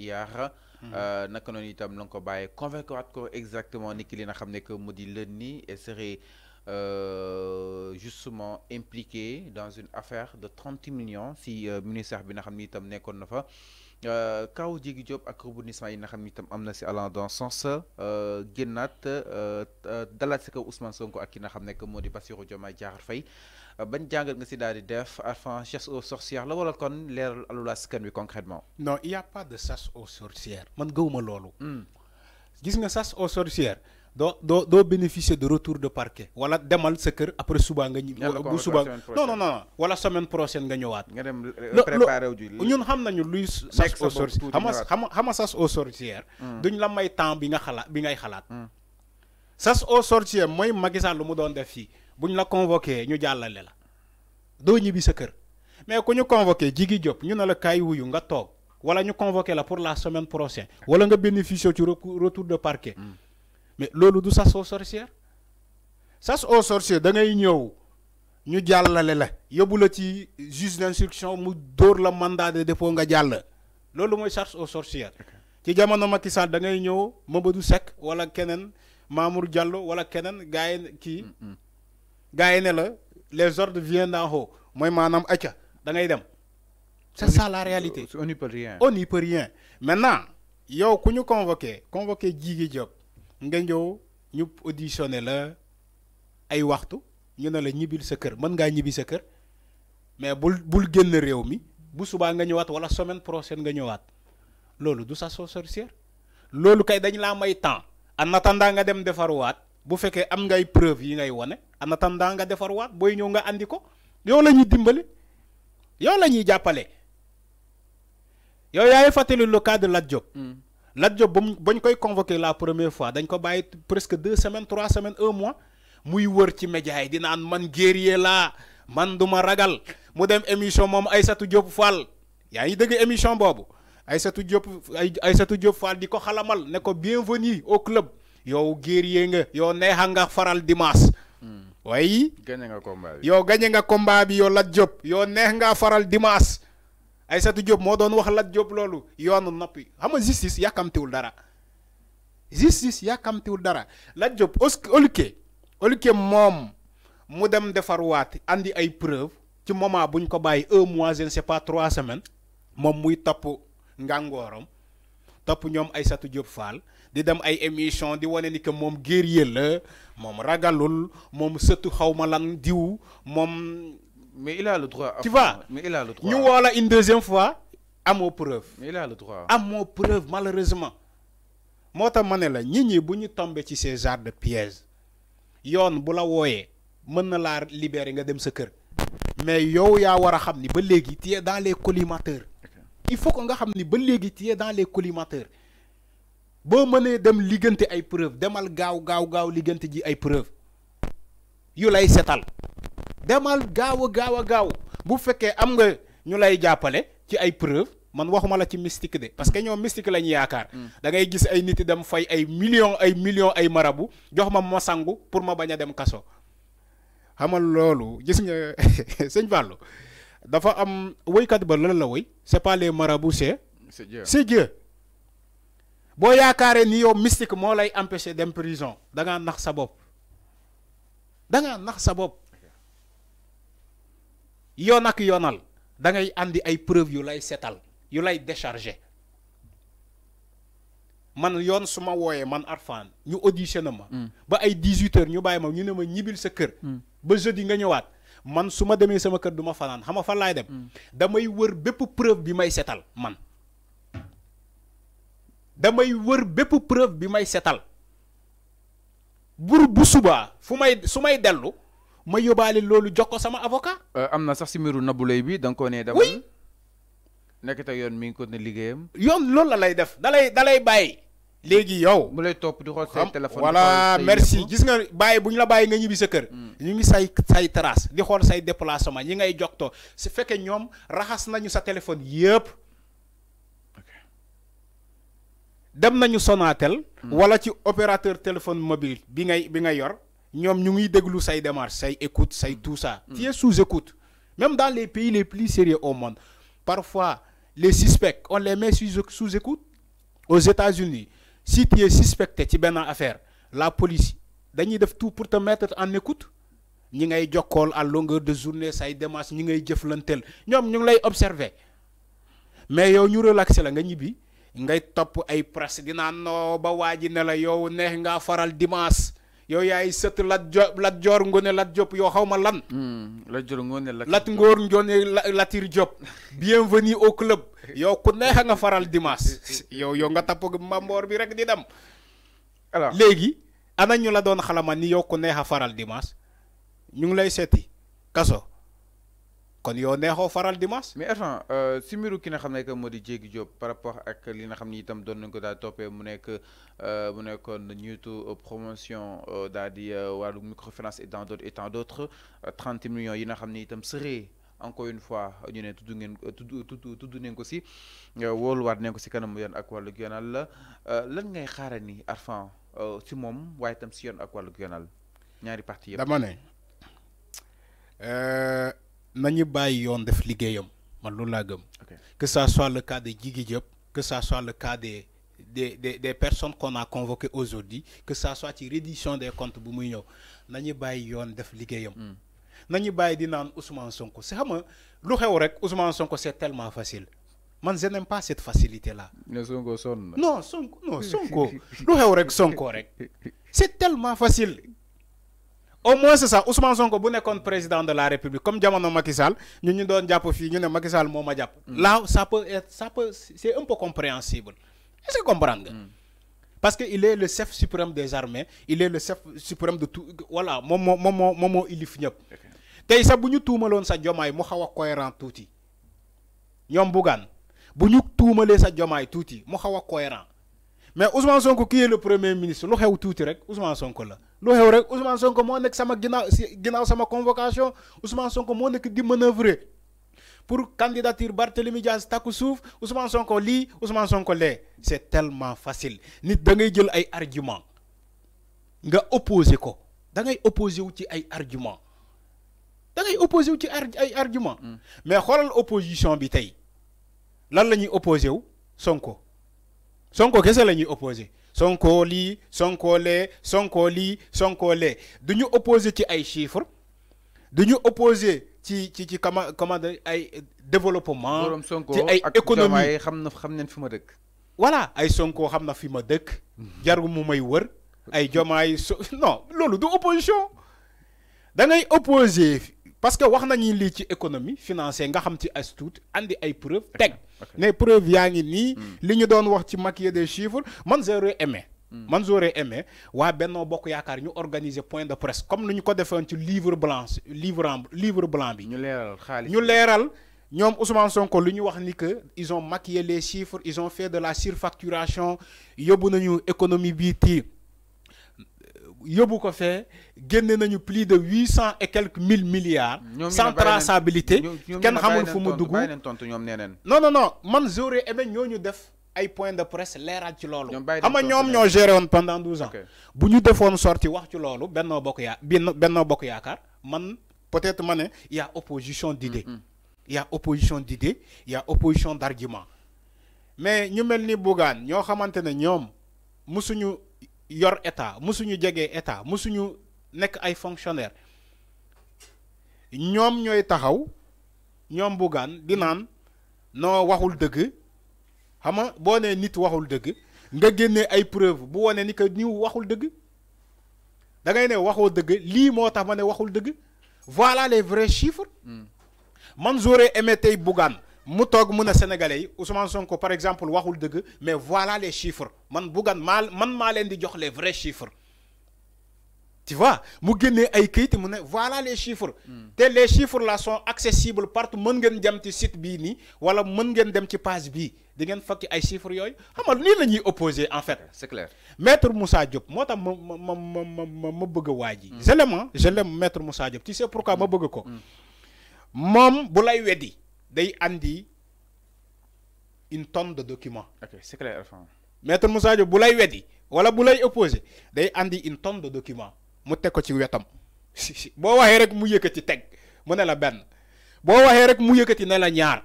IAR. Mhm. Euh, naka noonu itam la ko bàyyee convaincre ko exactement ni ki li na xam ne que mu di lënni e serait euh, justement impliqué dans une affaire de trente millions si euh, ministère bi nga xam ne itam nekkoon na fa. Euh, kaw Jéggi Diop ak rebondissement yi nga xam ni itam am na si allant dans sens euh, génnaat euh, dalaat si kaw Ousmane Sonko ak ki nga xam ne moo di Bassirou Diomaye Diakhar fay bañ jàngal nga si daal di def enfin chasse aux sorcières la wala kon leeral alula askan wi concrètement non il y a pas de chasse aux sorcières man gëwuma loolu. Hmm. gis nga chasse aux sorcières. doo doo doo bénéficier de retour de parquet wala demal sa kër après suba nga ñi bu suba non non non wala semaine prochaine nga ñëwaat nga dem euh, préparer wu ji ñun xam nañu luy chasse aux sorcières xam xama chasse aux sorcières hmm. duñ la may temps bi nga xalaat bi ngay xalaat chasse hmm. aux sorcières mooy Macky lu mu doon def fii ñu la convoké ñu jàllale la doo ñibbi sa kër mais ku ñu convoqué Jigi Diop ñu na la kaay wuyu nga toog wala ñu convoqué la pour la semaine prochaine wala nga bénéficier ci retour de parquet hmm. mais loolu du chasse aux sorcières chasse aux sorcières da ngay ñëw ñu jàllale la yóbbu la ci juge d'instruction mu dóor la mandat de dépôt nga jàll loolu mooy chasse aux sorcières ci jamono Macky Sall da ngay ñëw Mamadou Seck wala keneen Mamour Diallo wala keneen gars yi kii mm, mm. gars yi ne la les ordres viennent d'en haut mooy maanaam acca da ngay dem c'est ça la réalité on n'y peut rien on n'y peut rien maintenant yow ku ñu convoqué convoqué Djigui Diop nga ñëw ñu ne la ay waxtu ñu ne la ñibbil sa kër mën ngaa ñibbi sa kër mais bul bul génn réew mi bu subaa nga ñëwaat wala semaine prochaine nga ñëwaat loolu du chasse aux sorcières loolu kay dañ laa may temps en attendant nga dem defarwaat bu fekkee am ngay preuve yi ngay wane en attendant nga defarwaat booy ñëw nga andi ko yow lañuy ñuy dimbali yow lañuy jàppale yow yaay fàttali le cas de Lat Diop. Mm. Lat Diop ba mu ba koy convoqué la première fois dañ ko bàyyi presque deux semaines trois semaines un mois muy wër ci média yi di naan man guerrier laa man du ma ragal mu dem émission moom ay Diop Fall yaa ngi dëgg émission boobu Aïssatou Diop ay Aïssatou Diop Fall di ko xalamal ne ko bienvenue au club yow guerrier nga yow neexa nga faral dimanche. Hmm. waaye. gañe nga yow gañe nga combat bi yow Lat Diop yow neex ngaa faral dimanche. ay satu Diop moo doon wax Lat job loolu yoonu noppi xam nga justice yàkkamtiwul dara justice yàkkamtiwul dara Lat Diop olike olike moom mu dem defarwaat andi ay preuve ci moment bu ñu ko bàyyi un mois je ne sais pas trois semaines moom muy topp ngàngooram topp ñoom ay Aïssatou Diop Fall di dem ay émission di wane ni que moom guerrier la moom ragalul moom sëtu xawma lan diw moom mais il a le droit. tu vois mais il a le droit ñu woo la une amoo preuve. mais il preuve malheureusement. moo tax ma ne la nit ñi bu ñu tombee ci ces genres de pièges yoon bu la wooyee mën na laa libérer nga dem sa kër. mais yow yaa war a xam ni ba léegi tu dans les collimateurs. il faut que nga xam ni ba léegi tu dans les collimateurs. boo mënee dem liggante ay preuve demal gaaw gaaw gaaw liggante ji ay preuve yu lay setal demal gaaw a gaaw a gaaw bu fekkee am nga ñu lay jàppale ci ay preuve man waxuma la ci mystique de parce que ñoom mystique lañu ñu yaakaar. Mm. da ngay gis ay nit dem fay ay millions ay millions ay marabu jox ma ma sangu pour ma bañ a dem kaso. xamal loolu gis nga sëñ Fallou dafa am woykat ba lan la woy c'est pas les marabouts c'est. c'est Dieu c'est Dieu boo yaakaaree ni yow mystique moo lay empêcher dem prison da ngaa nax sa bopp da nax sa bopp. yoon ak yoonal da ngay àndi ay preuve yu lay setal yu lay déchargé man yoon su ma wooyee man Arfan ñu auditionné ma. Mm. ba ay 18 heures ñu bàyyi ma ñu ne ma ñibbil sa kër. Mm. ba jeudi nga ñëwaat man su ma demee sama kër duma fanaan xam nga fan dem. Mm. damay wër bépp preuve bi may setal man. damay wër bépp preuve bi may setal. bur bu subaa fu may su may dellu. ma yóbbaale loolu jox ko sama avocat. Euh, am na sax si mbiru Nabou Leye bi da nga nee. demal oui nekk te yoon mi ngi ko ne liggéeyam. yoon loolu la lay def da lay bàyyi. léegi yow mu lay topp di xool say téléphone. merci gis nga bàyyi bu ñu la bàyyi nga ñibbi sa kër. Hmm. ñu ngi say say trace di xool say déplacement yi ngay jox to su fekkee ñoom raxas nañu sa téléphone yëpp. dem nañu Sonatel. Hmm. wala ci opérateur téléphone mobile bi ngay bi nga yor. ñoom ñu ngi déglu say démarche say écoute say tout ça. Mm. tu es sous écoute même dans les pays les plus sérieux au monde parfois les suspects on les mais sous sous écoute aux États-Unis si tu es ci benn affaire la police dañuy def tout pour te mettre en écoute ñi ngay jokkool à longueur de journée say démarche ñi ngay jëflanteel ñoom ñu ngi lay observer mais yow ñu relaxé la nga ñibbi ngay topp ay presse dinaa noo ba waa ji ne la yow neex ngaa faral dimanche. yow yaay sët lat jo lat joor ngone lat jop yoo xawma lan. Hmm, lat joor ngone lat ngoor ngóor ngone latir jop bienvenue au club yow ku neex a nga faral dimanche yow yow nga tapp mamboor bi rek di dem. alors léegi ana ñu la doon xalama ni yow ku neex a faral dimanche ñu ngi lay seeti kaso. kon yow neexoo faral dimanche. mais attends euh, si mbiru ki na xam ne moo di Diégui Diop par rapport ak li na xam ni itam doon nañ ko daal toppee mu nekk euh, mu nekkoon ñiitu promotion euh, daal di wàllu microfinance et dans d'autres et tant d'autres trente million yi nga xam ni itam sëree encore une fois ñu ne tudd ngeen tudd tudd tudd nañ ko si wóoluwaat nañ ko si kanam yoon ak wàllu yoonal la lan ngay xaaral ni Arfan si moom waaye itam si yoon ak wàllu yoonal ñaari parti yëpp. dama nañu bàyyi yoon def liggéeyam man loolu laa gëm. que ça soit le cas de Djigui Diop que ça soit le cas des des personnes qu'on a convoquées aujourd'hui que ça soit ci reddition des comptes bu muy ñëw nañu bàyyi yoon def liggéeyam. Hmm. nañu bàyyi di naan Ousmane Sonko si xam nga lu xew rek Ousmane Sonko c'est tellement facile man je n'aime pas cette facilité là. ne Sonko sonn na. non Sonko non lu xew rek Sonko rek c'est tellement facile. au moins c'est ça Ousmane Sonko bu nekkoon président de la République comme jamono Macky Sall ñu ñu doon jàpp fii ñu ne Macky Sall moo ma jàpp. Mm. là ça peut être c'est un peu compréhensible est-ce que comprendre nga. Mm. parce que il est le chef suprême des armées il est le chef suprême de tout voilà moom moo moom moo moom moo ilif ñëpp. tey sax bu ñu tuumaloon sa jomaay mu xaw a cohérent tuuti ñoom Bougane bu ñu tuumalee sa jomaay tuuti mu xaw a cohérent mais Ousmane Sonko qui est le premier ministre lu xew tuuti rek Ousmane Sonko la. lu xew rek Ousmane Sonko moo nekk sama ginnaaw si sama convocation Ousmane Sonko moo nekk di manœuvrer pour candidature Barthélemy Dias takku suuf Ousmane Sonko lii Ousmane Sonko lee c'est tellement facile nit da ngay jël ay argument nga opposé ko da ngay opposé wu ci ay argument da ngay opposé wu ci ay argument hmm. mais xoolal opposition bi tey lan la ñuy opposé wu Sonko Sonko kese lañuy ñuy opposé Sonko lii Sonko lee Sonko lii Sonko lee du ñu opposé ci ay chiffres du ñu opposé ci ci ci comment comment ay développement. ci ay économie xam na xam nañ fi ma dëkk. voilà ay Sonko xam na fi ma dëkk. jarul mu may wër. ay jomaay so non loolu du opposition da opposé parce que wax nañu lii ci économie financière nga xam ci as tuut andi ay preuve teg ne preuve yaa ngi nii hmm. li ñu doon wax ci maquiller des chiffres man j'aurais aimé hmm. man j'aurais aimé waa Benno Bokk Yaakaar ñu organiser point de presse comme ni ñu ko defoon ci livre blanc livre livre blanc bi ñu leeral xaalis ñu leeral ñoom Ousmane Sonko lu ñu wax ni que ils ont maquillé les chiffres ils ont fait de la surfacturation yóbbu nañu économie bii tiir yóbbu ko fee génne nañu plus de huit cent et quelques mille milliards. sans traçabilité kenn xamul fu mu dugg non non non man j'aurais aimé ñoo ñu def ay point de presse leeraat ci loolu. xam nga ñoom ñoo géré woon pendant douze ans. bu ñu defoon sorti wax ci loolu Benno Bokk Ya Benno Bokk Yaakaar man peut-être ma ne yaa a opposition d'idées. y a opposition d'idées y a opposition d'argument mais ñu mel ni Bougane ñoo xamante ne ñoom musuñu. yor état mosuñu jege état mosuñu nekk ay fonctionnaire ñoom ñooy taxaw ñoom Bougane di naan noo waxul dëgg xam boo nee nit waxul dëgg nga génnee ay preuve bu wane ni que niw waxul dëgg da ngay ne waxoo dëgg lii moo tax ma ne waxul dëgg voilà les vrais chiffres hmm. man j'aurais aimé tey Bougane mu toog mun a sénégalais yi Ousmane Sonko par exemple waxul dëgg mais voilà les chiffres man buggan maa man maa leen di jox les vrais chiffres tu vois mu génnee ay këyit mu ne voilà les chiffres hmm. te les chiffres là sont accessibles partout mën ngeen dem ci site bii nii wala mën ngeen dem ci page bii di ngeen fokki ay chiffres yooyu xamal nii la ñuy opposé en fait c'est clair maître Moussa moo tax ma ma ma ma ma bëgg a waa ji hmm. je l'aime je l'aime maître Moussa Diop ma hmm. bëgg ko bu lay weddi day andi une tonne de document ok c'est clair. maître Moussa Diop bu lay weddi wala bu lay opposé day andi une tonne de document mu teg ko ci wetam si boo waxee rek mu ti teg mu ne la benn boo waxee rek mu yëkkati ne la ñaar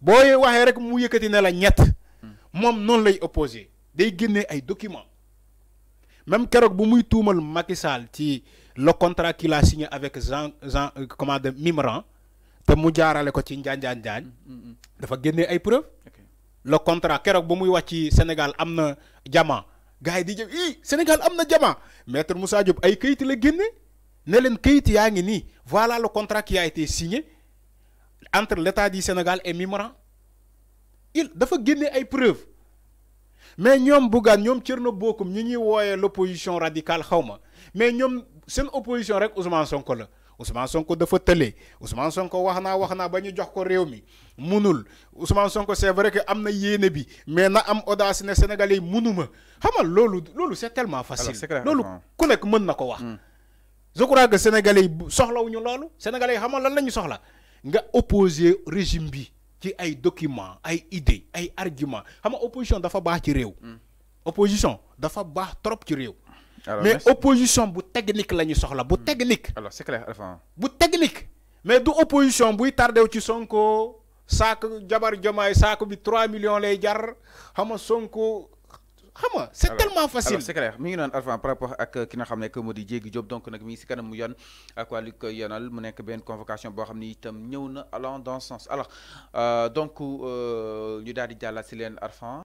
boo waxee rek mu yëkkati ne la ñett moom noonu lay opposé day génne ay document même keroog bu muy tuumal Macky Sall ci le contrat qu'il a avec Jean Jean euh, comment Mimran te mu jaarale ko ci njaanjaan njaañ mm, mm, mm. dafa génnee ay preuve le contrat keroog ba muy wax ci Sénégal am na jama gars yi di jëm i Sénégal am na jama maître Moussa Diop ay kayit la génne ne leen kayit yaa ngi nii voilà le contrat qui a été signé entre l'État du Sénégal et Mimran il dafa génne ay preuve mais ñoom Bougane ñoom Thierno Bocoum ñi ñuy wooyee l'opposition radicale xaw ma mais ñoom seen opposition rek Ousmane Sonko la Ousmane Sonko dafa tele Ousmane Sonko wax naa wax naa ba ñu jox ko réew mi munul Ousmane Sonko c'est vrai que am na yéene bi mais na am audace ne Sénégalais yi munuma xamal loolu loolu c'est tellement facile loolu ku nekk mën na ko wax hmm. je crois que Sénégalais yi soxlawuñu loolu Sénégalais yi xamal lan la ñu soxla nga opposer régime bi ci ay documents ay idées ay arguments xam nga opposition dafa baax ci réew hmm. opposition dafa baax trop ci réew mais opposition bu technique la ñu soxla bu hmm. technique. alors c'est clair bu technique. mais du opposition buy tardew ci Sonko saak jabar jomaay saak bi 3 millions lay jar xam nga Sonko. xam nga c'est tellement facile alors mi ngi noonu Alpha par rapport ak ki nga xam ne que moo di Diégui Diop donc nag mi ngi si kanam mu yoon li koy mu nekk benn convocation boo xam ni itam ñëw na allant dans ce sens alors euh, donc euh, ñu daal di jàllale si leen Alpha